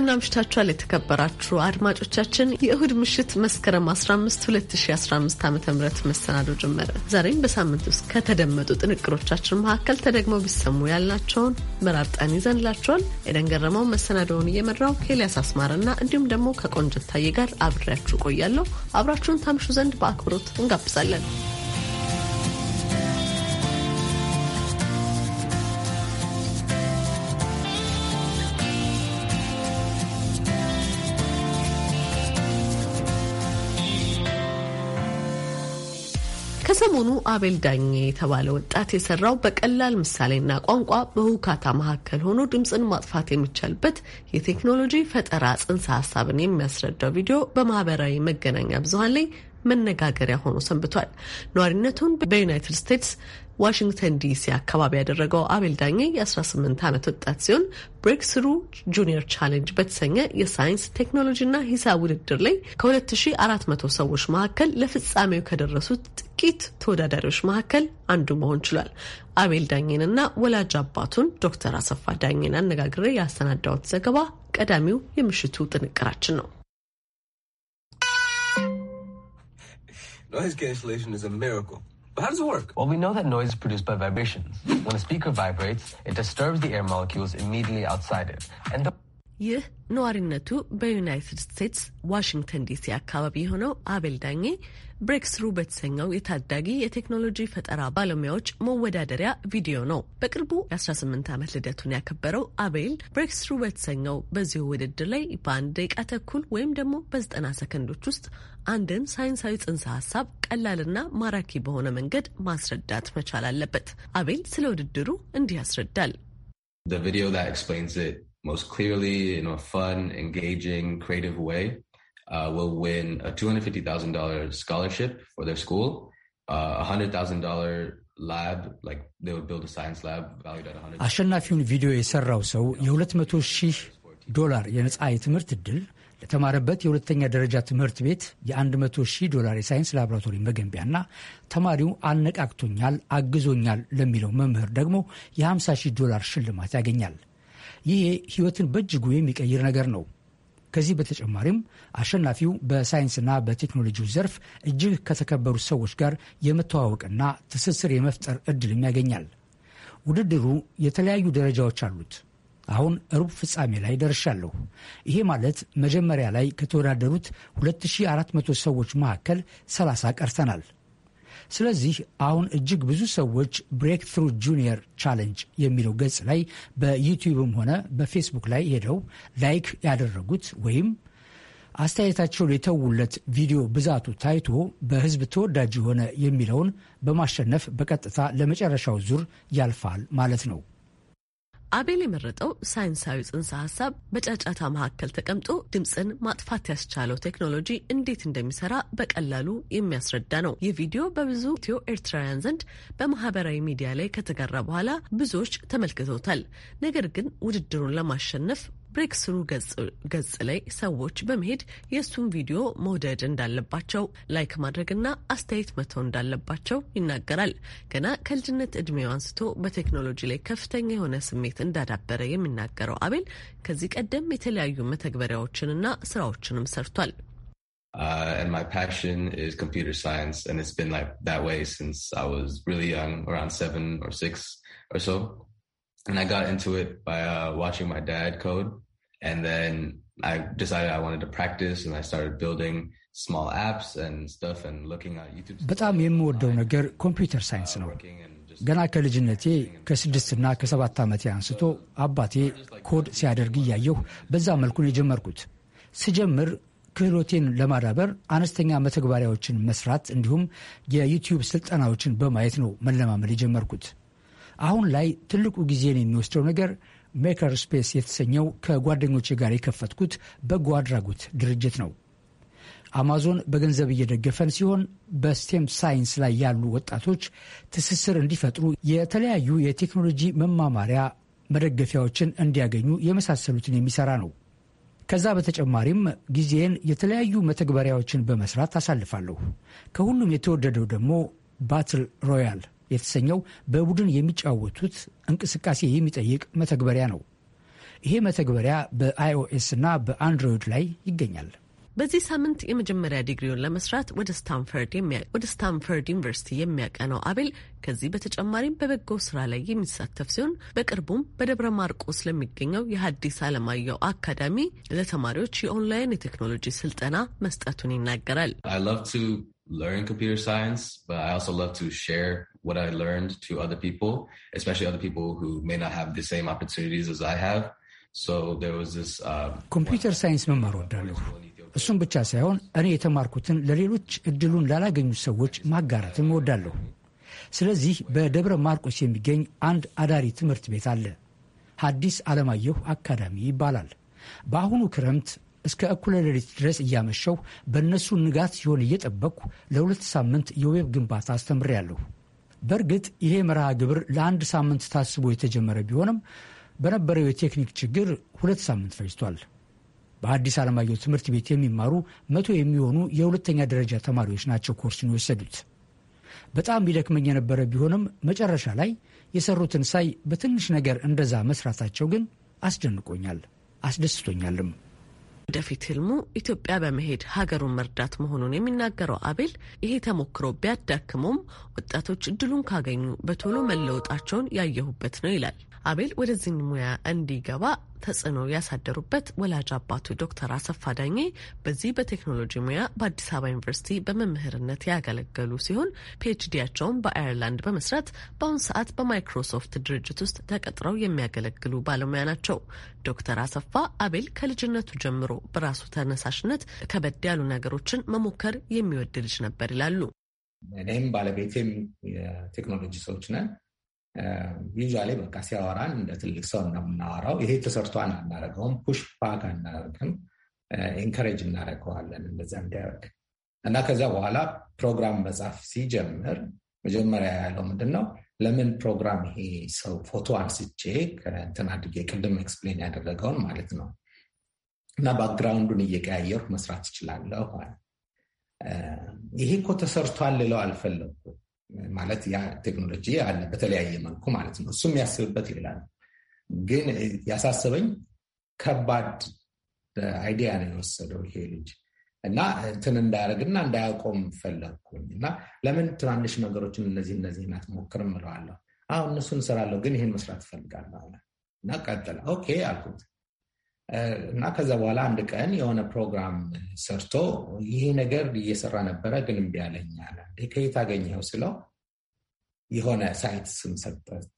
እንደምን የተከበራችሁ አድማጮቻችን። የእሁድ ምሽት መስከረም 15 2015 ዓ ም መሰናዶ ጀመረ። ዛሬም በሳምንት ውስጥ ከተደመጡ ጥንቅሮቻችን መካከል ተደግመው ቢሰሙ ያልናቸውን መራርጠን ይዘንላቸዋል። ኤደን ገረመው መሰናዶውን እየመራው ከኤልያስ አስማረና እንዲሁም ደግሞ ከቆንጅት ታዬ ጋር አብሬያችሁ ቆያለሁ። አብራችሁን ታምሹ ዘንድ በአክብሮት እንጋብዛለን። ከሰሞኑ አቤል ዳኜ የተባለ ወጣት የሰራው በቀላል ምሳሌና ቋንቋ በሁካታ መካከል ሆኖ ድምፅን ማጥፋት የሚቻልበት የቴክኖሎጂ ፈጠራ ጽንሰ ሀሳብን የሚያስረዳው ቪዲዮ በማህበራዊ መገናኛ ብዙሀን ላይ መነጋገሪያ ሆኖ ሰንብቷል። ነዋሪነቱን በዩናይትድ ስቴትስ ዋሽንግተን ዲሲ አካባቢ ያደረገው አቤል ዳኘ የ18 ዓመት ወጣት ሲሆን ብሬክስሩ ጁኒየር ቻሌንጅ በተሰኘ የሳይንስ ቴክኖሎጂና ሂሳብ ውድድር ላይ ከ2400 ሰዎች መካከል ለፍጻሜው ከደረሱት ጥቂት ተወዳዳሪዎች መካከል አንዱ መሆን ችሏል። አቤል ዳኜንና ወላጅ አባቱን ዶክተር አሰፋ ዳኘን አነጋግሬ ያሰናዳሁት ዘገባ ቀዳሚው የምሽቱ ጥንቅራችን ነው። Noise cancellation is a miracle. But how does it work? Well, we know that noise is produced by vibrations. When a speaker vibrates, it disturbs the air molecules immediately outside it. And the ይህ ነዋሪነቱ በዩናይትድ ስቴትስ ዋሽንግተን ዲሲ አካባቢ የሆነው አቤል ዳኜ ብሬክስሩ በተሰኘው የታዳጊ የቴክኖሎጂ ፈጠራ ባለሙያዎች መወዳደሪያ ቪዲዮ ነው። በቅርቡ የ18 ዓመት ልደቱን ያከበረው አቤል ብሬክስሩ በተሰኘው በዚሁ ውድድር ላይ በአንድ ደቂቃ ተኩል ወይም ደግሞ በዘጠና ሰከንዶች ውስጥ አንድን ሳይንሳዊ ጽንሰ ሀሳብ ቀላልና ማራኪ በሆነ መንገድ ማስረዳት መቻል አለበት። አቤል ስለ ውድድሩ እንዲህ ያስረዳል። The video that explains it most clearly in a fun, engaging, creative way uh, will win a $250,000 scholarship for their school, uh, a $100,000 አሸናፊውን ቪዲዮ የሰራው ሰው የ200 ሺህ ዶላር የነጻ የትምህርት እድል ለተማረበት የሁለተኛ ደረጃ ትምህርት ቤት የ100 ሺህ ዶላር የሳይንስ ላቦራቶሪ መገንቢያና ተማሪው አነቃቅቶኛል፣ አግዞኛል ለሚለው መምህር ደግሞ የ50 ሺህ ዶላር ሽልማት ያገኛል። ይሄ ህይወትን በእጅጉ የሚቀይር ነገር ነው። ከዚህ በተጨማሪም አሸናፊው በሳይንስና በቴክኖሎጂው ዘርፍ እጅግ ከተከበሩ ሰዎች ጋር የመተዋወቅና ትስስር የመፍጠር እድልም ያገኛል። ውድድሩ የተለያዩ ደረጃዎች አሉት። አሁን ሩብ ፍጻሜ ላይ ደርሻለሁ። ይሄ ማለት መጀመሪያ ላይ ከተወዳደሩት 2400 ሰዎች መካከል 30 ቀርተናል። ስለዚህ አሁን እጅግ ብዙ ሰዎች ብሬክ ትሩ ጁኒየር ቻለንጅ የሚለው ገጽ ላይ በዩቲዩብም ሆነ በፌስቡክ ላይ ሄደው ላይክ ያደረጉት ወይም አስተያየታቸውን የተውለት ቪዲዮ ብዛቱ ታይቶ በሕዝብ ተወዳጅ የሆነ የሚለውን በማሸነፍ በቀጥታ ለመጨረሻው ዙር ያልፋል ማለት ነው። አቤል የመረጠው ሳይንሳዊ ጽንሰ ሀሳብ በጫጫታ መካከል ተቀምጦ ድምፅን ማጥፋት ያስቻለው ቴክኖሎጂ እንዴት እንደሚሰራ በቀላሉ የሚያስረዳ ነው። ይህ ቪዲዮ በብዙ ኢትዮ ኤርትራውያን ዘንድ በማህበራዊ ሚዲያ ላይ ከተጋራ በኋላ ብዙዎች ተመልክተውታል። ነገር ግን ውድድሩን ለማሸነፍ ብሬክስሩ ገጽ ላይ ሰዎች በመሄድ የእሱን ቪዲዮ መውደድ እንዳለባቸው፣ ላይክ ማድረግና አስተያየት መተው እንዳለባቸው ይናገራል። ገና ከልጅነት እድሜው አንስቶ በቴክኖሎጂ ላይ ከፍተኛ የሆነ ስሜት እንዳዳበረ የሚናገረው አቤል ከዚህ ቀደም የተለያዩ መተግበሪያዎችንና ስራዎችንም ሰርቷል። Uh, and my passion is computer science, and it's been like that way since I was really young, around seven or six or so. And I got into it by uh, watching my dad code, And then I decided I wanted to practice and I started building small apps and stuff and looking at YouTube. በጣም የምወደው ነገር ኮምፒውተር ሳይንስ uh, ነው። ገና ከልጅነቴ ከስድስትና ከሰባት ዓመቴ አንስቶ አባቴ ኮድ ሲያደርግ እያየሁ በዛ መልኩን የጀመርኩት። ስጀምር ክህሎቴን ለማዳበር አነስተኛ መተግበሪያዎችን መስራት እንዲሁም የዩቲዩብ ስልጠናዎችን በማየት ነው መለማመድ የጀመርኩት። አሁን ላይ ትልቁ ጊዜን የሚወስደው ነገር ሜከር ስፔስ የተሰኘው ከጓደኞቼ ጋር የከፈትኩት በጎ አድራጎት ድርጅት ነው። አማዞን በገንዘብ እየደገፈን ሲሆን በስቴም ሳይንስ ላይ ያሉ ወጣቶች ትስስር እንዲፈጥሩ የተለያዩ የቴክኖሎጂ መማማሪያ መደገፊያዎችን እንዲያገኙ የመሳሰሉትን የሚሰራ ነው። ከዛ በተጨማሪም ጊዜን የተለያዩ መተግበሪያዎችን በመስራት አሳልፋለሁ። ከሁሉም የተወደደው ደግሞ ባትል ሮያል የተሰኘው በቡድን የሚጫወቱት እንቅስቃሴ የሚጠይቅ መተግበሪያ ነው። ይሄ መተግበሪያ በአይኦኤስ እና በአንድሮይድ ላይ ይገኛል። በዚህ ሳምንት የመጀመሪያ ዲግሪውን ለመስራት ወደ ስታንፈርድ ወደ ስታንፈርድ ዩኒቨርሲቲ የሚያቀነው አቤል ከዚህ በተጨማሪም በበጎ ስራ ላይ የሚሳተፍ ሲሆን በቅርቡም በደብረ ማርቆስ ለሚገኘው የሀዲስ አለማየሁ አካዳሚ ለተማሪዎች የኦንላይን የቴክኖሎጂ ስልጠና መስጠቱን ይናገራል። what I learned to other people, especially other people who may not have the same opportunities as I have. So there was this ኮምፒውተር um, ሳይንስ መማር ወዳለሁ። እሱም ብቻ ሳይሆን እኔ የተማርኩትን ለሌሎች እድሉን ላላገኙ ሰዎች ማጋራትም እወዳለሁ። ስለዚህ በደብረ ማርቆስ የሚገኝ አንድ አዳሪ ትምህርት ቤት አለ። ሐዲስ ዓለማየሁ አካዳሚ ይባላል። በአሁኑ ክረምት እስከ እኩለ ሌሊት ድረስ እያመሸው በእነሱ ንጋት ሲሆን እየጠበቅኩ ለሁለት ሳምንት የዌብ ግንባታ አስተምሬያለሁ። በእርግጥ ይሄ መርሃ ግብር ለአንድ ሳምንት ታስቦ የተጀመረ ቢሆንም በነበረው የቴክኒክ ችግር ሁለት ሳምንት ፈጅቷል። በአዲስ አለማየሁ ትምህርት ቤት የሚማሩ መቶ የሚሆኑ የሁለተኛ ደረጃ ተማሪዎች ናቸው ኮርሱን የወሰዱት። በጣም ይደክመኝ የነበረ ቢሆንም መጨረሻ ላይ የሰሩትን ሳይ በትንሽ ነገር እንደዛ መስራታቸው ግን አስደንቆኛል፣ አስደስቶኛልም። የወደፊት ህልሙ ኢትዮጵያ በመሄድ ሀገሩን መርዳት መሆኑን የሚናገረው አቤል ይሄ ተሞክሮ ቢያዳክመውም ወጣቶች እድሉን ካገኙ በቶሎ መለወጣቸውን ያየሁበት ነው ይላል። አቤል ወደዚህ ሙያ እንዲገባ ተጽዕኖ ያሳደሩበት ወላጅ አባቱ ዶክተር አሰፋ ዳኜ በዚህ በቴክኖሎጂ ሙያ በአዲስ አበባ ዩኒቨርሲቲ በመምህርነት ያገለገሉ ሲሆን ፒኤችዲያቸውን በአየርላንድ በመስራት በአሁኑ ሰዓት በማይክሮሶፍት ድርጅት ውስጥ ተቀጥረው የሚያገለግሉ ባለሙያ ናቸው። ዶክተር አሰፋ አቤል ከልጅነቱ ጀምሮ በራሱ ተነሳሽነት ከበድ ያሉ ነገሮችን መሞከር የሚወድ ልጅ ነበር ይላሉ። እኔም ባለቤቴም የቴክኖሎጂ ሰዎች ነን። ላይ በቃ ሲያወራን እንደ ትልቅ ሰው እንደምናወራው ይሄ ተሰርቷን አናደርገውም፣ ፑሽ ባክ አናደርግም፣ ኢንከሬጅ እናደርገዋለን እንደዛ እንዲያደርግ እና ከዚያ በኋላ ፕሮግራም መጻፍ ሲጀምር መጀመሪያ ያለው ምንድን ነው ለምን ፕሮግራም ይሄ ሰው ፎቶ አንስቼ ከእንትን አድጌ ቅድም ኤክስፕሌን ያደረገውን ማለት ነው እና ባክግራውንዱን እየቀያየርኩ መስራት እችላለሁ። ይሄ እኮ ተሰርቷል ልለው አልፈለኩም። ማለት ያ ቴክኖሎጂ አለ በተለያየ መልኩ ማለት ነው። እሱም ያስብበት ይላል። ግን ያሳሰበኝ ከባድ አይዲያ ነው የወሰደው ይሄ ልጅ እና እንትን እንዳያደርግና እንዳያቆም ፈለግኩኝ እና ለምን ትናንሽ ነገሮችን እነዚህ እነዚህ ናት ሞክርም ምለዋለሁ። አሁ እነሱን እሰራለሁ፣ ግን ይህን መስራት እፈልጋለሁ እና ቀጥል ኦኬ አልኩት። እና ከዛ በኋላ አንድ ቀን የሆነ ፕሮግራም ሰርቶ ይሄ ነገር እየሰራ ነበረ፣ ግን እምቢ አለኝ አለ። ከየት አገኘኸው ስለው የሆነ ሳይት ስም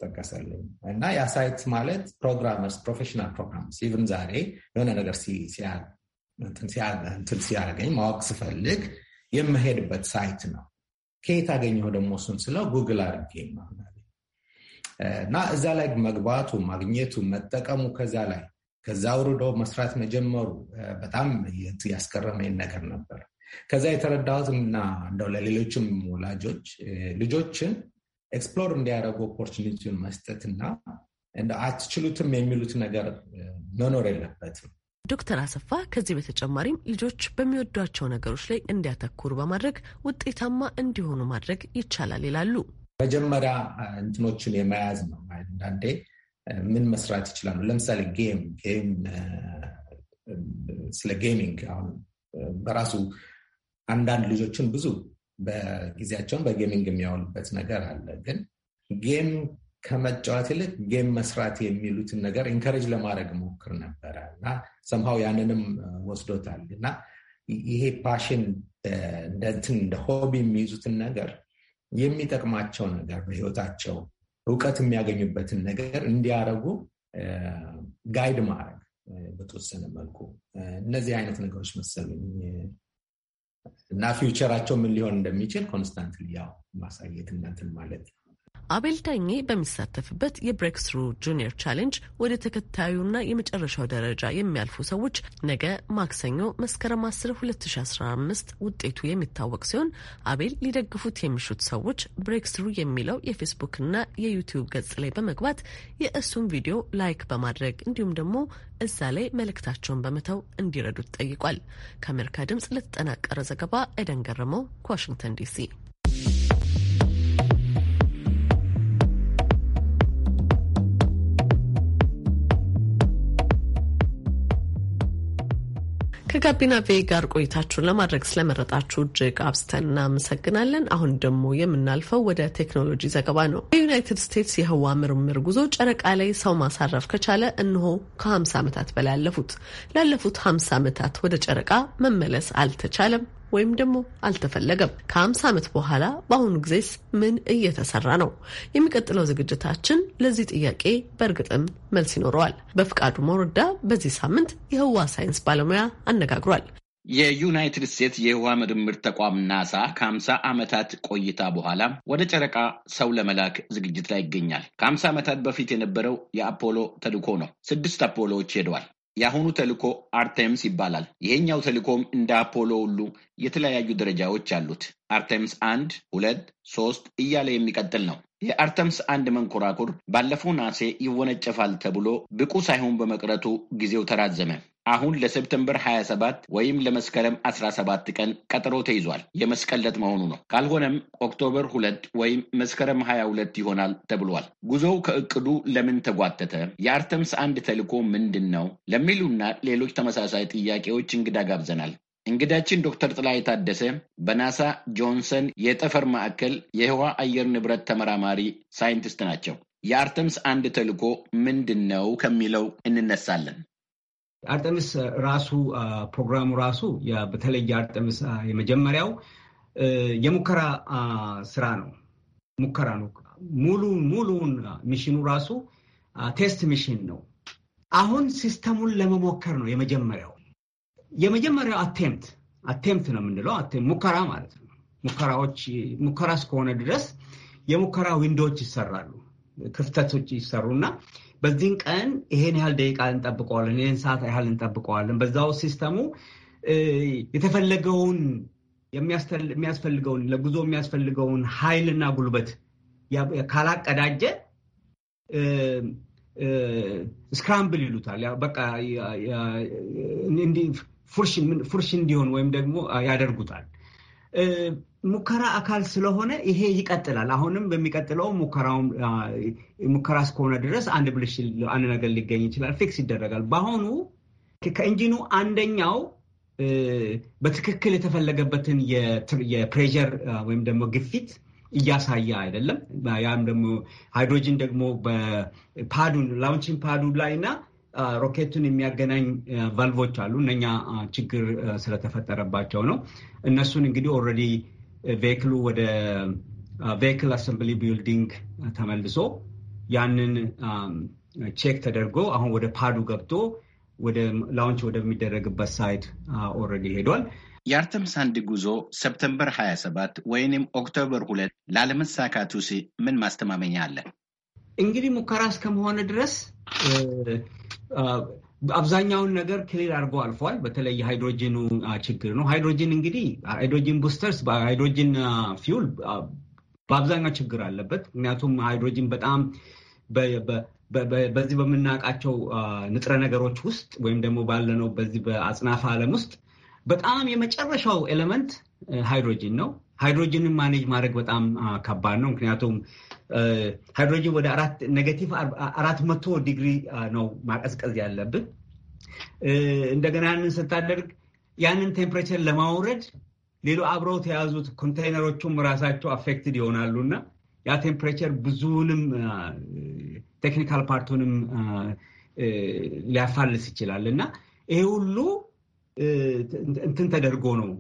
ጠቀሰልኝ። እና ያ ሳይት ማለት ፕሮግራመርስ፣ ፕሮፌሽናል ፕሮግራመርስ ኢቭን ዛሬ የሆነ ነገር እንትን ሲያገኝ ማወቅ ስፈልግ የምሄድበት ሳይት ነው። ከየት አገኘው ደግሞ እሱን ስለው ጉግል አድርጌ እና እዛ ላይ መግባቱ ማግኘቱ መጠቀሙ ከዛ ላይ ከዛ አውርዶ መስራት መጀመሩ በጣም ያስገረመኝ ነገር ነበር። ከዛ የተረዳሁት እና እንደው ለሌሎችም ወላጆች ልጆችን ኤክስፕሎር እንዲያደርጉ ኦፖርቹኒቲውን መስጠት እና እንደ አትችሉትም የሚሉት ነገር መኖር የለበትም። ዶክተር አሰፋ ከዚህ በተጨማሪም ልጆች በሚወዷቸው ነገሮች ላይ እንዲያተኩሩ በማድረግ ውጤታማ እንዲሆኑ ማድረግ ይቻላል ይላሉ። መጀመሪያ እንትኖችን የመያዝ ነው አንዳንዴ ምን መስራት ይችላሉ? ለምሳሌ ጌም ጌም ስለ ጌሚንግ አሁን በራሱ አንዳንድ ልጆችን ብዙ በጊዜያቸውን በጌሚንግ የሚያውሉበት ነገር አለ። ግን ጌም ከመጫወት ይልቅ ጌም መስራት የሚሉትን ነገር ኢንከሬጅ ለማድረግ ሞክር ነበረ እና ሰምሃው ያንንም ወስዶታል እና ይሄ ፓሽን እንደ እንትን እንደ ሆቢ የሚይዙትን ነገር የሚጠቅማቸው ነገር በህይወታቸው እውቀት የሚያገኙበትን ነገር እንዲያደረጉ ጋይድ ማድረግ በተወሰነ መልኩ እነዚህ አይነት ነገሮች መሰሉኝ እና ፊውቸራቸው ምን ሊሆን እንደሚችል ኮንስታንትሊ ያው ማሳየት እናትን ማለት ነው። አቤል ዳኜ በሚሳተፍበት የብሬክስሩ ጁኒየር ቻሌንጅ ወደ ተከታዩና የመጨረሻው ደረጃ የሚያልፉ ሰዎች ነገ ማክሰኞ መስከረም 10 2015 ውጤቱ የሚታወቅ ሲሆን አቤል ሊደግፉት የሚሹት ሰዎች ብሬክስሩ የሚለው የፌስቡክና የዩቲዩብ ገጽ ላይ በመግባት የእሱን ቪዲዮ ላይክ በማድረግ እንዲሁም ደግሞ እዛ ላይ መልእክታቸውን በመተው እንዲረዱት ጠይቋል። ከአሜሪካ ድምጽ ለተጠናቀረ ዘገባ ኤደን ገረመው ከዋሽንግተን ዲሲ ከጋቢና ቬ ጋር ቆይታችሁን ለማድረግ ስለመረጣችሁ እጅግ አብስተን እናመሰግናለን። አሁን ደግሞ የምናልፈው ወደ ቴክኖሎጂ ዘገባ ነው። የዩናይትድ ስቴትስ የህዋ ምርምር ጉዞ ጨረቃ ላይ ሰው ማሳረፍ ከቻለ እንሆ ከ50 ዓመታት በላይ ያለፉት ላለፉት 50 ዓመታት ወደ ጨረቃ መመለስ አልተቻለም። ወይም ደግሞ አልተፈለገም? ከ50 ዓመት በኋላ በአሁኑ ጊዜስ ምን እየተሰራ ነው? የሚቀጥለው ዝግጅታችን ለዚህ ጥያቄ በእርግጥም መልስ ይኖረዋል። በፍቃዱ ሞርዳ በዚህ ሳምንት የህዋ ሳይንስ ባለሙያ አነጋግሯል። የዩናይትድ ስቴትስ የህዋ ምርምር ተቋም ናሳ ከሀምሳ ዓመታት ቆይታ በኋላ ወደ ጨረቃ ሰው ለመላክ ዝግጅት ላይ ይገኛል። ከሀምሳ ዓመታት በፊት የነበረው የአፖሎ ተልእኮ ነው። ስድስት አፖሎዎች ሄደዋል። የአሁኑ ተልእኮ አርቴምስ ይባላል። ይሄኛው ተልእኮም እንደ አፖሎ ሁሉ የተለያዩ ደረጃዎች አሉት። አርቴምስ አንድ፣ ሁለት፣ ሶስት እያለ የሚቀጥል ነው። የአርተምስ አንድ መንኮራኩር ባለፈው ነሐሴ ይወነጨፋል ተብሎ ብቁ ሳይሆን በመቅረቱ ጊዜው ተራዘመ። አሁን ለሴፕተምበር 27 ወይም ለመስከረም 17 ቀን ቀጠሮ ተይዟል። የመስቀለት መሆኑ ነው። ካልሆነም ኦክቶበር 2 ወይም መስከረም 22 ይሆናል ተብሏል። ጉዞው ከእቅዱ ለምን ተጓተተ? የአርተምስ አንድ ተልዕኮ ምንድን ነው? ለሚሉና ሌሎች ተመሳሳይ ጥያቄዎች እንግዳ ጋብዘናል። እንግዳችን ዶክተር ጥላይ የታደሰ በናሳ ጆንሰን የጠፈር ማዕከል የህዋ አየር ንብረት ተመራማሪ ሳይንቲስት ናቸው። የአርተምስ አንድ ተልዕኮ ምንድን ነው ከሚለው እንነሳለን። አርጠምስ ራሱ ፕሮግራሙ ራሱ በተለይ አርጠምስ የመጀመሪያው የሙከራ ስራ ነው። ሙከራ ነው። ሙሉ ሙሉውን ሚሽኑ ራሱ ቴስት ሚሽን ነው። አሁን ሲስተሙን ለመሞከር ነው የመጀመሪያው የመጀመሪያው አቴምት አቴምት ነው የምንለው ሙከራ ማለት ነው። ሙከራዎች ሙከራ እስከሆነ ድረስ የሙከራ ዊንዶዎች ይሰራሉ፣ ክፍተቶች ይሰሩና በዚህን ቀን ይሄን ያህል ደቂቃ እንጠብቀዋለን፣ ይህን ሰዓት ያህል እንጠብቀዋለን። በዛው ሲስተሙ የተፈለገውን የሚያስፈልገውን ለጉዞ የሚያስፈልገውን ኃይልና ጉልበት ካላቀዳጀ ስክራምብል ይሉታል። በቃ ፉርሽ እንዲሆን ወይም ደግሞ ያደርጉታል። ሙከራ አካል ስለሆነ ይሄ ይቀጥላል። አሁንም በሚቀጥለው ሙከራውን ሙከራ እስከሆነ ድረስ አንድ ብልሽ አንድ ነገር ሊገኝ ይችላል፣ ፊክስ ይደረጋል። በአሁኑ ከኢንጂኑ አንደኛው በትክክል የተፈለገበትን የፕሬዠር ወይም ደግሞ ግፊት እያሳየ አይደለም። ያም ደግሞ ሃይድሮጅን ደግሞ በፓዱን ላውንችን ፓዱ ላይ እና ሮኬቱን የሚያገናኝ ቫልቮች አሉ። እነኛ ችግር ስለተፈጠረባቸው ነው። እነሱን እንግዲህ ኦልሬዲ ቬክሉ ወደ ቬክል አሰምብሊ ቢልዲንግ ተመልሶ ያንን ቼክ ተደርጎ አሁን ወደ ፓዱ ገብቶ ወደ ላውንች ወደሚደረግበት ሳይት ኦልሬዲ ሄዷል። የአርተምስ አንድ ጉዞ ሰፕተምበር 27 ወይም ኦክቶበር ሁለት ላለመሳካቱስ ምን ማስተማመኛ አለ? እንግዲህ ሙከራ እስከመሆነ ድረስ አብዛኛውን ነገር ክሊር አድርጎ አልፏል። በተለይ ሃይድሮጅኑ ችግር ነው። ሃይድሮጂን እንግዲህ ሃይድሮጅን ቡስተርስ ሃይድሮጂን ፊውል በአብዛኛው ችግር አለበት። ምክንያቱም ሃይድሮጅን በጣም በዚህ በምናውቃቸው ንጥረ ነገሮች ውስጥ ወይም ደግሞ ባለነው በዚህ በአጽናፈ ዓለም ውስጥ በጣም የመጨረሻው ኤሌመንት ሃይድሮጅን ነው። ሃይድሮጅንን ማኔጅ ማድረግ በጣም ከባድ ነው። ምክንያቱም ሃይድሮጅን ወደ ኔጌቲቭ አራት መቶ ዲግሪ ነው ማቀዝቀዝ ያለብን። እንደገና ያንን ስታደርግ ያንን ቴምፕሬቸር ለማውረድ ሌሎ አብረው ተያዙት ኮንቴይነሮቹም ራሳቸው አፌክትድ ይሆናሉ እና ያ ቴምፕሬቸር ብዙውንም ቴክኒካል ፓርቱንም ሊያፋልስ ይችላል እና ይሄ ሁሉ እንትን ተደርጎ ነው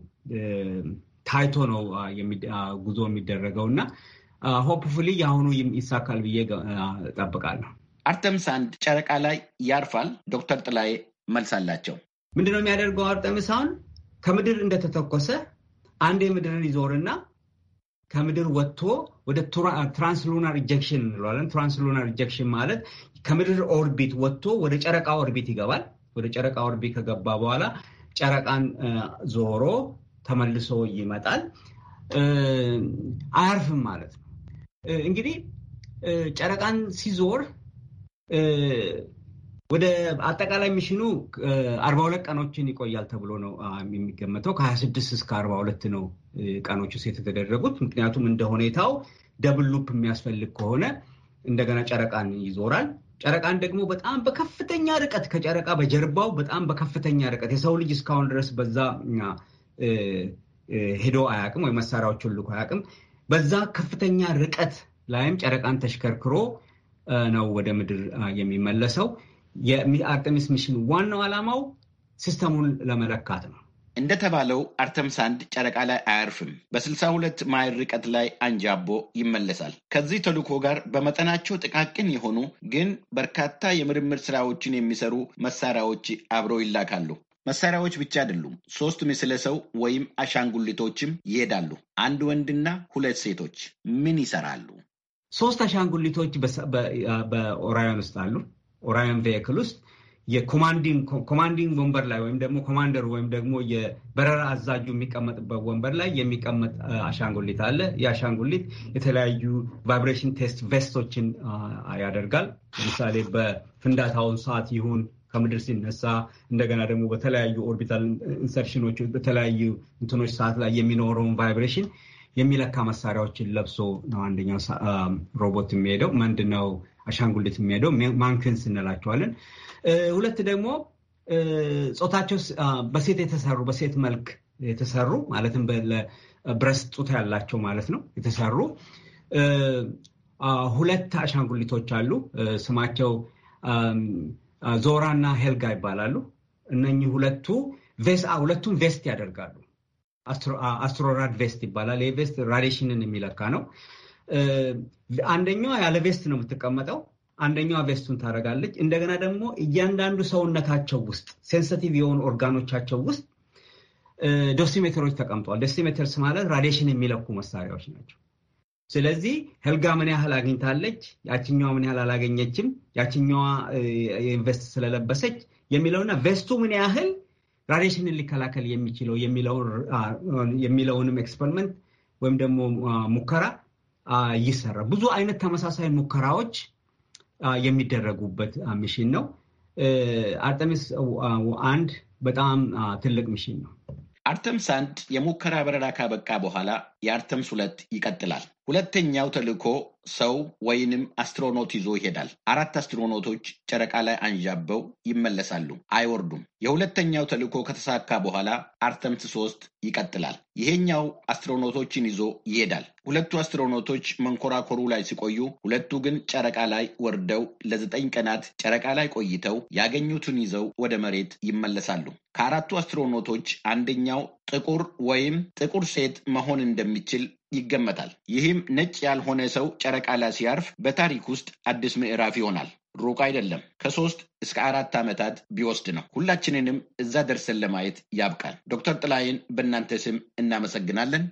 ታይቶ ነው ጉዞ የሚደረገው እና ሆፕፉሊ የአሁኑ ይሳካል ብዬ እጠብቃለሁ። አርተምስ አንድ ጨረቃ ላይ ያርፋል። ዶክተር ጥላዬ መልስ አላቸው። ምንድነው የሚያደርገው? አርተምስ አሁን ከምድር እንደተተኮሰ አንድ የምድርን ይዞርና ከምድር ወጥቶ ወደ ትራንስሉናር ኢጀክሽን እንለዋለን። ትራንስሉናር ኢጀክሽን ማለት ከምድር ኦርቢት ወጥቶ ወደ ጨረቃ ኦርቢት ይገባል። ወደ ጨረቃ ኦርቢት ከገባ በኋላ ጨረቃን ዞሮ ተመልሶ ይመጣል። አያርፍም ማለት ነው። እንግዲህ ጨረቃን ሲዞር ወደ አጠቃላይ ሚሽኑ አርባ ሁለት ቀኖችን ይቆያል ተብሎ ነው የሚገመተው። ከሀያ ስድስት እስከ አርባ ሁለት ነው ቀኖች ውስጥ የተደረጉት። ምክንያቱም እንደ ሁኔታው ደብል ሉፕ የሚያስፈልግ ከሆነ እንደገና ጨረቃን ይዞራል። ጨረቃን ደግሞ በጣም በከፍተኛ ርቀት ከጨረቃ በጀርባው በጣም በከፍተኛ ርቀት የሰው ልጅ እስካሁን ድረስ በዛ ሄዶ አያውቅም ወይም መሳሪያዎችን ልኮ አያውቅም። በዛ ከፍተኛ ርቀት ላይም ጨረቃን ተሽከርክሮ ነው ወደ ምድር የሚመለሰው። የአርተሚስ ሚሽን ዋናው ዓላማው ሲስተሙን ለመለካት ነው። እንደተባለው አርተምስ አንድ ጨረቃ ላይ አያርፍም። በ62 ማይል ርቀት ላይ አንጃቦ ይመለሳል። ከዚህ ተልዕኮ ጋር በመጠናቸው ጥቃቅን የሆኑ ግን በርካታ የምርምር ስራዎችን የሚሰሩ መሳሪያዎች አብረው ይላካሉ። መሳሪያዎች ብቻ አይደሉም። ሶስት ምስለ ሰው ወይም አሻንጉሊቶችም ይሄዳሉ። አንድ ወንድና ሁለት ሴቶች ምን ይሰራሉ? ሶስት አሻንጉሊቶች በኦራዮን ውስጥ አሉ። ኦራዮን ቬክል ውስጥ የኮማንዲንግ ወንበር ላይ ወይም ደግሞ ኮማንደር ወይም ደግሞ የበረራ አዛጁ የሚቀመጥበት ወንበር ላይ የሚቀመጥ አሻንጉሊት አለ። የአሻንጉሊት የተለያዩ ቫይብሬሽን ቴስት ቬስቶችን ያደርጋል። ለምሳሌ በፍንዳታውን ሰዓት ይሁን ከምድር ሲነሳ እንደገና ደግሞ በተለያዩ ኦርቢታል ኢንሰርሽኖች በተለያዩ እንትኖች ሰዓት ላይ የሚኖረውን ቫይብሬሽን የሚለካ መሳሪያዎችን ለብሶ ነው አንደኛው ሮቦት የሚሄደው። ነው አሻንጉሊት የሚሄደው ማንክን እንላቸዋለን። ሁለት ደግሞ ጾታቸው በሴት የተሰሩ በሴት መልክ የተሰሩ ማለትም ብረስ ጡት ያላቸው ማለት ነው የተሰሩ ሁለት አሻንጉሊቶች አሉ ስማቸው ዞራ እና ሄልጋ ይባላሉ። እነኚህ ሁለቱ ሁለቱም ቬስት ያደርጋሉ። አስትሮራድ ቬስት ይባላል። ይህ ቬስት ራዲሽንን የሚለካ ነው። አንደኛዋ ያለ ቬስት ነው የምትቀመጠው፣ አንደኛዋ ቬስቱን ታደርጋለች። እንደገና ደግሞ እያንዳንዱ ሰውነታቸው ውስጥ ሴንስቲቭ የሆኑ ኦርጋኖቻቸው ውስጥ ዶሲሜተሮች ተቀምጠዋል። ዶሲሜተርስ ማለት ራዲሽን የሚለኩ መሳሪያዎች ናቸው። ስለዚህ ህልጋ ምን ያህል አግኝታለች፣ ያችኛዋ ምን ያህል አላገኘችም፣ ያችኛዋ ቬስት ስለለበሰች የሚለውና ቬስቱ ምን ያህል ራዲሽንን ሊከላከል የሚችለው የሚለውንም ኤክስፐሪመንት ወይም ደግሞ ሙከራ ይሰራ። ብዙ አይነት ተመሳሳይ ሙከራዎች የሚደረጉበት ሚሽን ነው። አርተሚስ አንድ በጣም ትልቅ ሚሽን ነው። አርተምስ አንድ የሙከራ በረራ ካበቃ በኋላ የአርተምስ ሁለት ይቀጥላል። ሁለተኛው ተልእኮ ሰው ወይንም አስትሮኖት ይዞ ይሄዳል። አራት አስትሮኖቶች ጨረቃ ላይ አንዣበው ይመለሳሉ፣ አይወርዱም። የሁለተኛው ተልእኮ ከተሳካ በኋላ አርተምስ ሶስት ይቀጥላል። ይሄኛው አስትሮኖቶችን ይዞ ይሄዳል። ሁለቱ አስትሮኖቶች መንኮራኮሩ ላይ ሲቆዩ፣ ሁለቱ ግን ጨረቃ ላይ ወርደው ለዘጠኝ ቀናት ጨረቃ ላይ ቆይተው ያገኙትን ይዘው ወደ መሬት ይመለሳሉ። ከአራቱ አስትሮኖቶች አንደኛው ጥቁር ወይም ጥቁር ሴት መሆን እንደሚችል ይገመታል። ይህም ነጭ ያልሆነ ሰው ጨረቃ ላይ ሲያርፍ በታሪክ ውስጥ አዲስ ምዕራፍ ይሆናል። ሩቅ አይደለም። ከሶስት እስከ አራት ዓመታት ቢወስድ ነው። ሁላችንንም እዛ ደርሰን ለማየት ያብቃል። ዶክተር ጥላይን በእናንተ ስም እናመሰግናለን።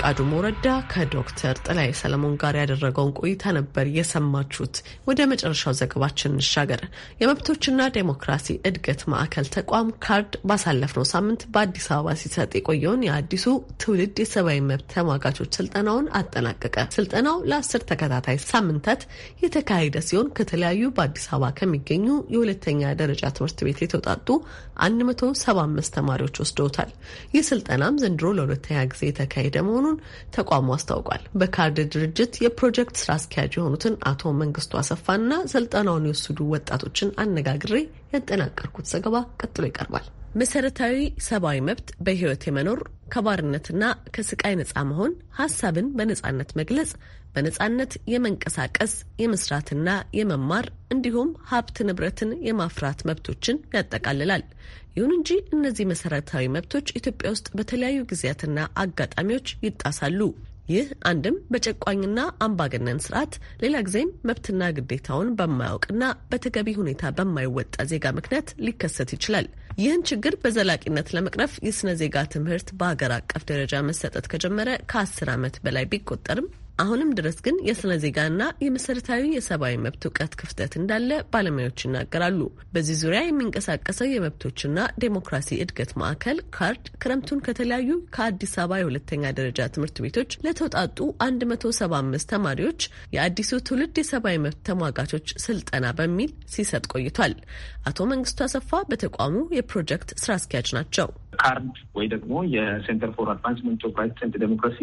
ፍቃዱ ሞረዳ ከዶክተር ጥላይ ሰለሞን ጋር ያደረገውን ቆይታ ነበር የሰማችሁት። ወደ መጨረሻው ዘገባችን እንሻገር። የመብቶችና ዴሞክራሲ እድገት ማዕከል ተቋም ካርድ ባሳለፍነው ሳምንት በአዲስ አበባ ሲሰጥ የቆየውን የአዲሱ ትውልድ የሰብአዊ መብት ተሟጋቾች ስልጠናውን አጠናቀቀ። ስልጠናው ለአስር ተከታታይ ሳምንታት የተካሄደ ሲሆን ከተለያዩ በአዲስ አበባ ከሚገኙ የሁለተኛ ደረጃ ትምህርት ቤት የተውጣጡ 175 ተማሪዎች ወስደውታል። ይህ ስልጠናም ዘንድሮ ለሁለተኛ ጊዜ የተካሄደ መሆኑ መሆኑን ተቋሙ አስታውቋል። በካርድ ድርጅት የፕሮጀክት ስራ አስኪያጅ የሆኑትን አቶ መንግስቱ አሰፋና ስልጠናውን የወሰዱ ወጣቶችን አነጋግሬ ያጠናቀርኩት ዘገባ ቀጥሎ ይቀርባል። መሰረታዊ ሰብአዊ መብት በህይወት የመኖር ከባርነትና ከስቃይ ነጻ መሆን፣ ሀሳብን በነጻነት መግለጽ፣ በነጻነት የመንቀሳቀስ የመስራትና የመማር እንዲሁም ሀብት ንብረትን የማፍራት መብቶችን ያጠቃልላል። ይሁን እንጂ እነዚህ መሰረታዊ መብቶች ኢትዮጵያ ውስጥ በተለያዩ ጊዜያትና አጋጣሚዎች ይጣሳሉ። ይህ አንድም በጨቋኝና አምባገነን ስርዓት፣ ሌላ ጊዜም መብትና ግዴታውን በማያውቅና በተገቢ ሁኔታ በማይወጣ ዜጋ ምክንያት ሊከሰት ይችላል። ይህን ችግር በዘላቂነት ለመቅረፍ የስነ ዜጋ ትምህርት በሀገር አቀፍ ደረጃ መሰጠት ከጀመረ ከአስር ዓመት በላይ ቢቆጠርም አሁንም ድረስ ግን የስነ ዜጋና የመሰረታዊ የሰብአዊ መብት እውቀት ክፍተት እንዳለ ባለሙያዎች ይናገራሉ። በዚህ ዙሪያ የሚንቀሳቀሰው የመብቶችና ዴሞክራሲ እድገት ማዕከል ካርድ ክረምቱን ከተለያዩ ከአዲስ አበባ የሁለተኛ ደረጃ ትምህርት ቤቶች ለተውጣጡ 175 ተማሪዎች የአዲሱ ትውልድ የሰብአዊ መብት ተሟጋቾች ስልጠና በሚል ሲሰጥ ቆይቷል። አቶ መንግስቱ አሰፋ በተቋሙ የፕሮጀክት ስራ አስኪያጅ ናቸው። ካርድ ወይ ደግሞ የሴንተር ፎር አድቫንስመንት ኦፍ ራይትስ ኤንድ ዴሞክራሲ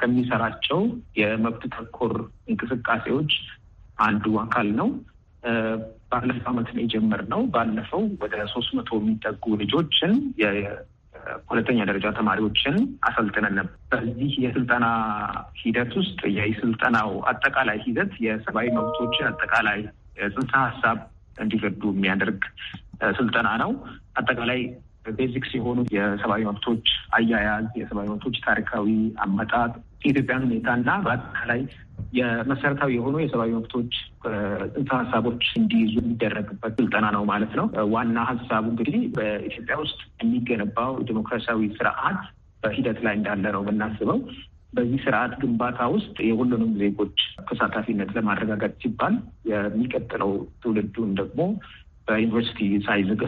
ከሚሰራቸው የመብት ተኮር እንቅስቃሴዎች አንዱ አካል ነው። ባለፈው ዓመት ነው የጀመርነው። ባለፈው ወደ ሶስት መቶ የሚጠጉ ልጆችን ሁለተኛ ደረጃ ተማሪዎችን አሰልጥነን ነበር። በዚህ የስልጠና ሂደት ውስጥ የስልጠናው አጠቃላይ ሂደት የሰብአዊ መብቶችን አጠቃላይ ጽንሰ ሀሳብ እንዲረዱ የሚያደርግ ስልጠና ነው። አጠቃላይ ቤዚክስ የሆኑ የሰብአዊ መብቶች አያያዝ፣ የሰብአዊ መብቶች ታሪካዊ አመጣጥ፣ የኢትዮጵያን ሁኔታ እና በአጠቃላይ የመሰረታዊ የሆኑ የሰብአዊ መብቶች ጽንሰ ሀሳቦች እንዲይዙ የሚደረግበት ስልጠና ነው ማለት ነው። ዋና ሀሳቡ እንግዲህ በኢትዮጵያ ውስጥ የሚገነባው ዲሞክራሲያዊ ስርዓት በሂደት ላይ እንዳለ ነው የምናስበው። በዚህ ስርዓት ግንባታ ውስጥ የሁሉንም ዜጎች ተሳታፊነት ለማረጋገጥ ሲባል የሚቀጥለው ትውልዱን ደግሞ በዩኒቨርሲቲ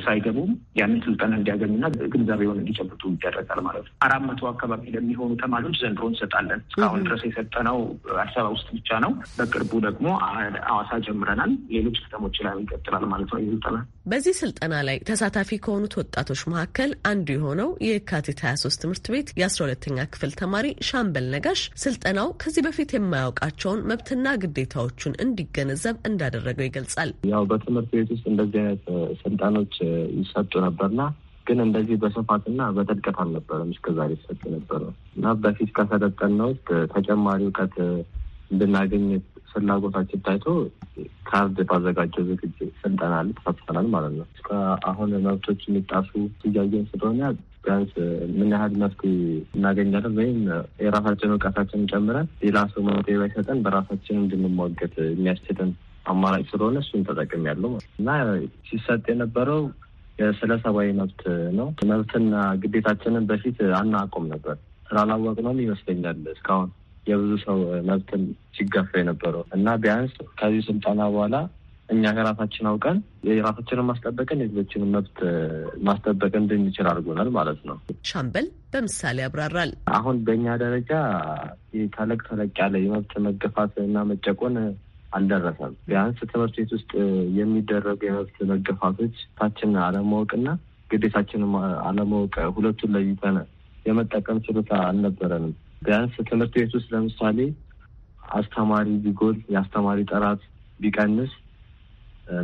ሳይገቡም ያንን ስልጠና እንዲያገኙና ግንዛቤውን እንዲጨብጡ ይደረጋል ማለት ነው። አራት መቶ አካባቢ ለሚሆኑ ተማሪዎች ዘንድሮ እንሰጣለን። እስካሁን ድረስ የሰጠነው አዲስ አበባ ውስጥ ብቻ ነው። በቅርቡ ደግሞ አዋሳ ጀምረናል። ሌሎች ከተሞች ላይ ይቀጥላል ማለት ነው። ስልጠና በዚህ ስልጠና ላይ ተሳታፊ ከሆኑት ወጣቶች መካከል አንዱ የሆነው የካቲት 23 ትምህርት ቤት የአስራ ሁለተኛ ክፍል ተማሪ ሻምበል ነጋሽ ስልጠናው ከዚህ በፊት የማያውቃቸውን መብትና ግዴታዎቹን እንዲገነዘብ እንዳደረገው ይገልጻል። ያው በትምህርት ቤት ውስጥ እንደዚህ አይነት ስልጠኖች ይሰጡ ነበርና ግን እንደዚህ በስፋትና በጥልቀት አልነበረም እስከዛ ይሰጡ ነበረው እና በፊት ከሰለጠን ነው ተጨማሪ እውቀት እንድናገኝ ፍላጎታችን ታይቶ ካርድ ባዘጋጀው ዝግጅ ስልጠና ተሳትፈናል ማለት ነው። እስከ አሁን መብቶች የሚጣሱ እያየን ስለሆነ ቢያንስ ምን ያህል መፍትሄ እናገኛለን ወይም የራሳችን እውቀታችንን ጨምረን ሌላ ሰው መፍትሄ ባይሰጠን በራሳችን እንድንሟገት የሚያስችልን አማራጭ ስለሆነ እሱን ተጠቅም ያለው እና ሲሰጥ የነበረው ስለ ሰብአዊ መብት ነው። መብትና ግዴታችንን በፊት አናቆም ነበር ስላላወቅነውም ይመስለኛል እስካሁን የብዙ ሰው መብትን ሲገፋ የነበረው እና ቢያንስ ከዚህ ስልጠና በኋላ እኛ ከራሳችን አውቀን የራሳችንን ማስጠበቅን የሌሎችንም መብት ማስጠበቅ እንድንችል አድርጎናል ማለት ነው። ሻምበል በምሳሌ ያብራራል። አሁን በእኛ ደረጃ ተለቅ ተለቅ ያለ የመብት መገፋት እና መጨቆን አልደረሰም። ቢያንስ ትምህርት ቤት ውስጥ የሚደረጉ የመብት መገፋቶች ታችን አለማወቅና ግዴታችን አለማወቅ ሁለቱን ለይተን የመጠቀም ችሎታ አልነበረንም። ቢያንስ ትምህርት ቤት ውስጥ ለምሳሌ አስተማሪ ቢጎል፣ የአስተማሪ ጥራት ቢቀንስ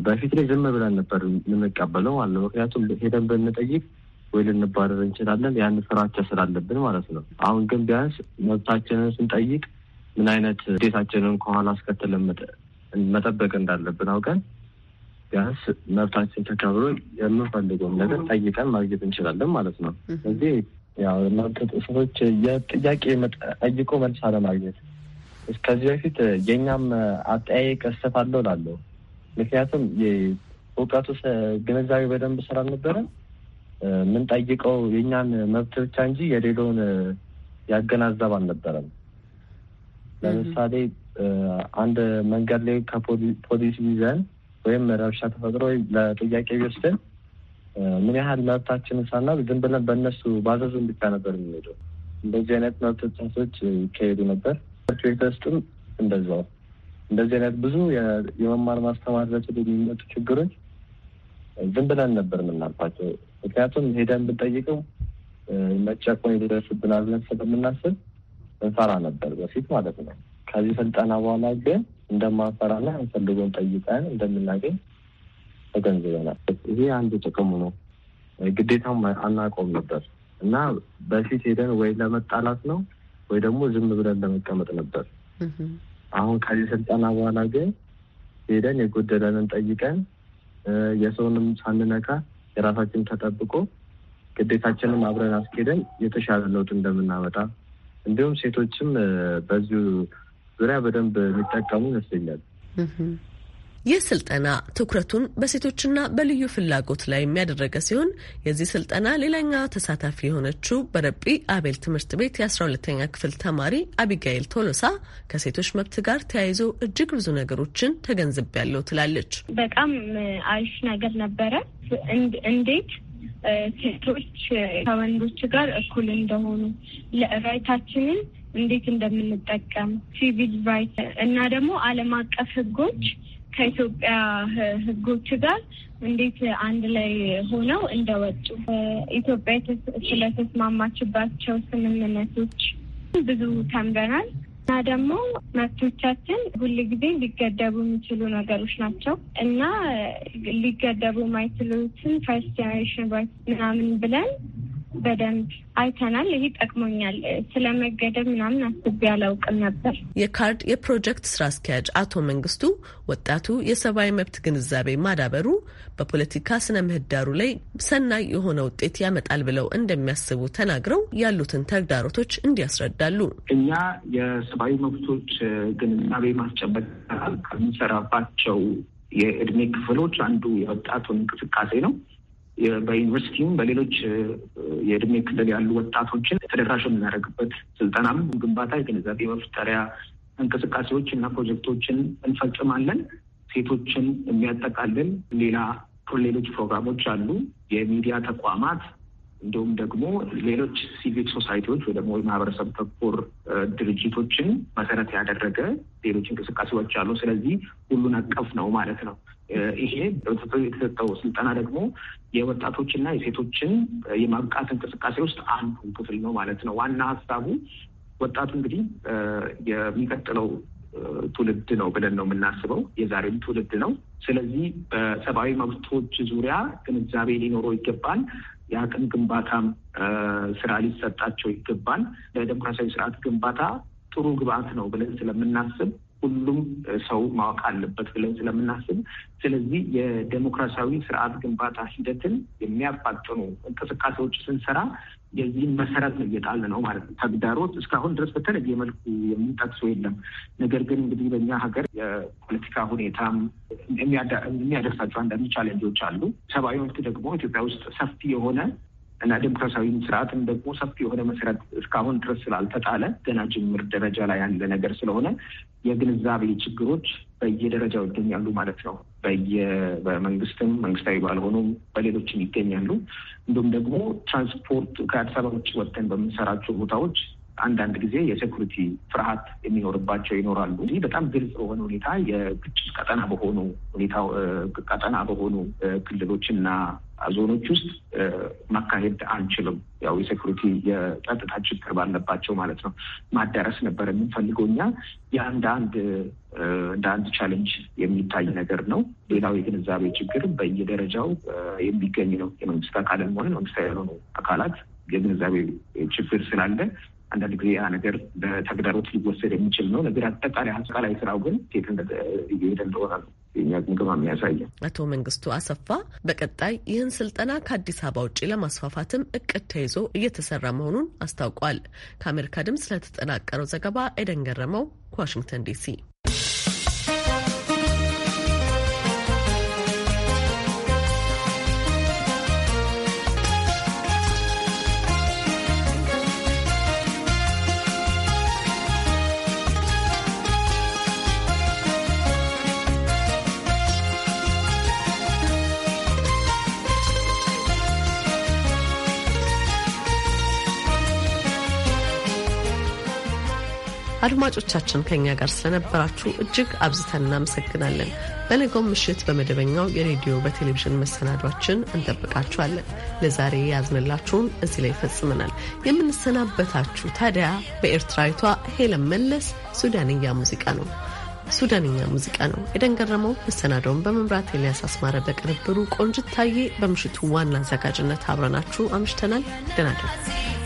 በፊት ላይ ዝም ብለን ነበር የምንቀበለው ማለት ነው። ምክንያቱም ሄደን ብንጠይቅ ወይ ልንባረር እንችላለን። ያን ፍራቻ ስላለብን ማለት ነው። አሁን ግን ቢያንስ መብታችንን ስንጠይቅ ምን አይነት ውዴታችንን ከኋላ አስከትለን መጠበቅ እንዳለብን አውቀን ቢያንስ መብታችን ተከብሮ የምንፈልገውን ነገር ጠይቀን ማግኘት እንችላለን ማለት ነው። ስለዚህ ያው እናንተ ሰዎች የጥያቄ ጠይቆ መልስ አለማግኘት ከዚህ በፊት የእኛም አጠያየቅ ስህተት አለው እላለሁ። ምክንያቱም እውቀቱ ግንዛቤ በደንብ ስላልነበረ የምንጠይቀው የእኛን መብት ብቻ እንጂ የሌለውን ያገናዘብ አልነበረም። ለምሳሌ አንድ መንገድ ላይ ከፖሊስ ይዘን ወይም ረብሻ ተፈጥሮ ለጥያቄ ቢወስድን ምን ያህል መብታችንን ሳናብ ዝም ብለን በእነሱ ባዘዙን ብቻ ነበር የሚሄደው። እንደዚህ አይነት መብት ጥሰቶች ይካሄዱ ነበር። ትምህርት ቤት ውስጥም እንደዛው እንደዚህ አይነት ብዙ የመማር ማስተማር ረችል የሚመጡ ችግሮች ዝም ብለን ነበር የምናልፋቸው። ምክንያቱም ሄደን ብንጠይቅም መጨቆን ይደርስብናል ብለን ስለምናስብ እንሰራ ነበር በፊት ማለት ነው። ከዚህ ስልጠና በኋላ ግን እንደማንሰራና አንፈልጎን ጠይቀን እንደምናገኝ ተገንዝበናል። ይሄ አንዱ ጥቅሙ ነው። ግዴታም አናቆም ነበር እና በፊት ሄደን ወይ ለመጣላት ነው ወይ ደግሞ ዝም ብለን ለመቀመጥ ነበር። አሁን ከዚህ ስልጠና በኋላ ግን ሄደን የጎደለንን ጠይቀን የሰውንም ሳንነካ የራሳችን ተጠብቆ ግዴታችንም አብረን አስኬደን የተሻለ ለውጥ እንደምናመጣ እንዲሁም ሴቶችም በዚሁ ዙሪያ በደንብ የሚጠቀሙ ይመስለኛል። ይህ ስልጠና ትኩረቱን በሴቶችና በልዩ ፍላጎት ላይ የሚያደረገ ሲሆን የዚህ ስልጠና ሌላኛ ተሳታፊ የሆነችው በረጲ አቤል ትምህርት ቤት የአስራ ሁለተኛ ክፍል ተማሪ አቢጋኤል ቶሎሳ ከሴቶች መብት ጋር ተያይዞ እጅግ ብዙ ነገሮችን ተገንዝቤያለሁ ትላለች። በጣም አሪፍ ነገር ነበረ። እንዴት ሴቶች ከወንዶች ጋር እኩል እንደሆኑ ራይታችንን እንዴት እንደምንጠቀም ሲቪል ራይት እና ደግሞ ዓለም አቀፍ ሕጎች ከኢትዮጵያ ሕጎች ጋር እንዴት አንድ ላይ ሆነው እንደወጡ ኢትዮጵያ ስለተስማማችባቸው ስምምነቶች ብዙ ተምረናል። እና ደግሞ መብቶቻችን ሁልጊዜ ጊዜ ሊገደቡ የሚችሉ ነገሮች ናቸው እና ሊገደቡ ማይችሉትን ፈርስት ጀኔሬሽን ምናምን ብለን በደንብ አይተናል። ይህ ጠቅሞኛል። ስለመገደብ ምናምን አስቤ አላውቅም ነበር። የካርድ የፕሮጀክት ስራ አስኪያጅ አቶ መንግስቱ ወጣቱ የሰብአዊ መብት ግንዛቤ ማዳበሩ በፖለቲካ ስነ ምህዳሩ ላይ ሰናይ የሆነ ውጤት ያመጣል ብለው እንደሚያስቡ ተናግረው ያሉትን ተግዳሮቶች እንዲያስረዳሉ። እኛ የሰብአዊ መብቶች ግንዛቤ ማስጨበቅ ከምንሰራባቸው የእድሜ ክፍሎች አንዱ የወጣቱ እንቅስቃሴ ነው። በዩኒቨርሲቲም በሌሎች የእድሜ ክልል ያሉ ወጣቶችን ተደራሽ የምናደርግበት ስልጠናም ግንባታ፣ የግንዛቤ መፍጠሪያ እንቅስቃሴዎች እና ፕሮጀክቶችን እንፈጽማለን። ሴቶችን የሚያጠቃልል ሌላ ሌሎች ፕሮግራሞች አሉ። የሚዲያ ተቋማት እንዲሁም ደግሞ ሌሎች ሲቪክ ሶሳይቲዎች ወይ ደግሞ የማህበረሰብ ተኮር ድርጅቶችን መሰረት ያደረገ ሌሎች እንቅስቃሴዎች አሉ። ስለዚህ ሁሉን አቀፍ ነው ማለት ነው። ይሄ የተሰጠው ስልጠና ደግሞ የወጣቶችና የሴቶችን የማብቃት እንቅስቃሴ ውስጥ አንዱ ክፍል ነው ማለት ነው። ዋና ሀሳቡ ወጣቱ እንግዲህ የሚቀጥለው ትውልድ ነው ብለን ነው የምናስበው። የዛሬም ትውልድ ነው። ስለዚህ በሰብአዊ መብቶች ዙሪያ ግንዛቤ ሊኖረው ይገባል። የአቅም ግንባታም ስራ ሊሰጣቸው ይገባል። ለዲሞክራሲያዊ ስርዓት ግንባታ ጥሩ ግብአት ነው ብለን ስለምናስብ ሁሉም ሰው ማወቅ አለበት ብለን ስለምናስብ፣ ስለዚህ የዴሞክራሲያዊ ስርዓት ግንባታ ሂደትን የሚያፋጥኑ እንቅስቃሴዎች ስንሰራ የዚህን መሰረት ነው እየጣል ነው ማለት ነው። ተግዳሮት እስካሁን ድረስ በተለየ መልኩ የምንጠቅሰው የለም። ነገር ግን እንግዲህ በእኛ ሀገር የፖለቲካ ሁኔታም የሚያደርሳቸው አንዳንድ ቻለንጆች አሉ። ሰብአዊ መብት ደግሞ ኢትዮጵያ ውስጥ ሰፊ የሆነ እና ዴሞክራሲያዊ ስርዓትም ደግሞ ሰፊ የሆነ መሰረት እስካሁን ድረስ ስላልተጣለ ገና ጅምር ደረጃ ላይ ያለ ነገር ስለሆነ የግንዛቤ ችግሮች በየደረጃው ይገኛሉ ማለት ነው። በየ በመንግስትም መንግስታዊ ባልሆኑም በሌሎችም ይገኛሉ። እንዲሁም ደግሞ ትራንስፖርት ከአዲስ አበባ ውጭ ወጥተን በምንሰራቸው ቦታዎች አንዳንድ ጊዜ የሴኩሪቲ ፍርሃት የሚኖርባቸው ይኖራሉ። እዚህ በጣም ግልጽ በሆነ ሁኔታ የግጭት ቀጠና በሆኑ ሁኔታ ቀጠና በሆኑ ክልሎችና ዞኖች ውስጥ ማካሄድ አንችልም። ያው የሴኩሪቲ የጸጥታ ችግር ባለባቸው ማለት ነው። ማዳረስ ነበር የምንፈልገው እኛ ያ እንደ አንድ እንደ አንድ ቻለንጅ የሚታይ ነገር ነው። ሌላው የግንዛቤ ችግር በየደረጃው የሚገኝ ነው። የመንግስት አካልን ሆነ መንግስታዊ ያልሆኑ አካላት የግንዛቤ ችግር ስላለ አንዳንድ ጊዜ ያ ነገር በተግዳሮት ሊወሰድ የሚችል ነው። ነገር አጠቃላይ አጠቃላይ ስራው ግን ሴት እየሄደ እንደሆነ ነው የኛ ግምገማ የሚያሳየው። አቶ መንግስቱ አሰፋ በቀጣይ ይህን ስልጠና ከአዲስ አበባ ውጭ ለማስፋፋትም እቅድ ተይዞ እየተሰራ መሆኑን አስታውቋል። ከአሜሪካ ድምፅ ለተጠናቀረው ዘገባ ኤደን ገረመው ከዋሽንግተን ዲሲ አድማጮቻችን ከኛ ጋር ስለነበራችሁ እጅግ አብዝተን እናመሰግናለን። በነገው ምሽት በመደበኛው የሬዲዮ በቴሌቪዥን መሰናዷችን እንጠብቃችኋለን። ለዛሬ ያዝንላችሁን እዚህ ላይ ይፈጽመናል። የምንሰናበታችሁ ታዲያ በኤርትራዊቷ ሄለን መለስ ሱዳንኛ ሙዚቃ ነው ሱዳንኛ ሙዚቃ ነው። ኤደን ገረመው በመምራት ኤልያስ አስማረ በቅንብሩ ቆንጅት ታዬ በምሽቱ ዋና አዘጋጅነት አብረናችሁ አምሽተናል። ደህና እደሩ።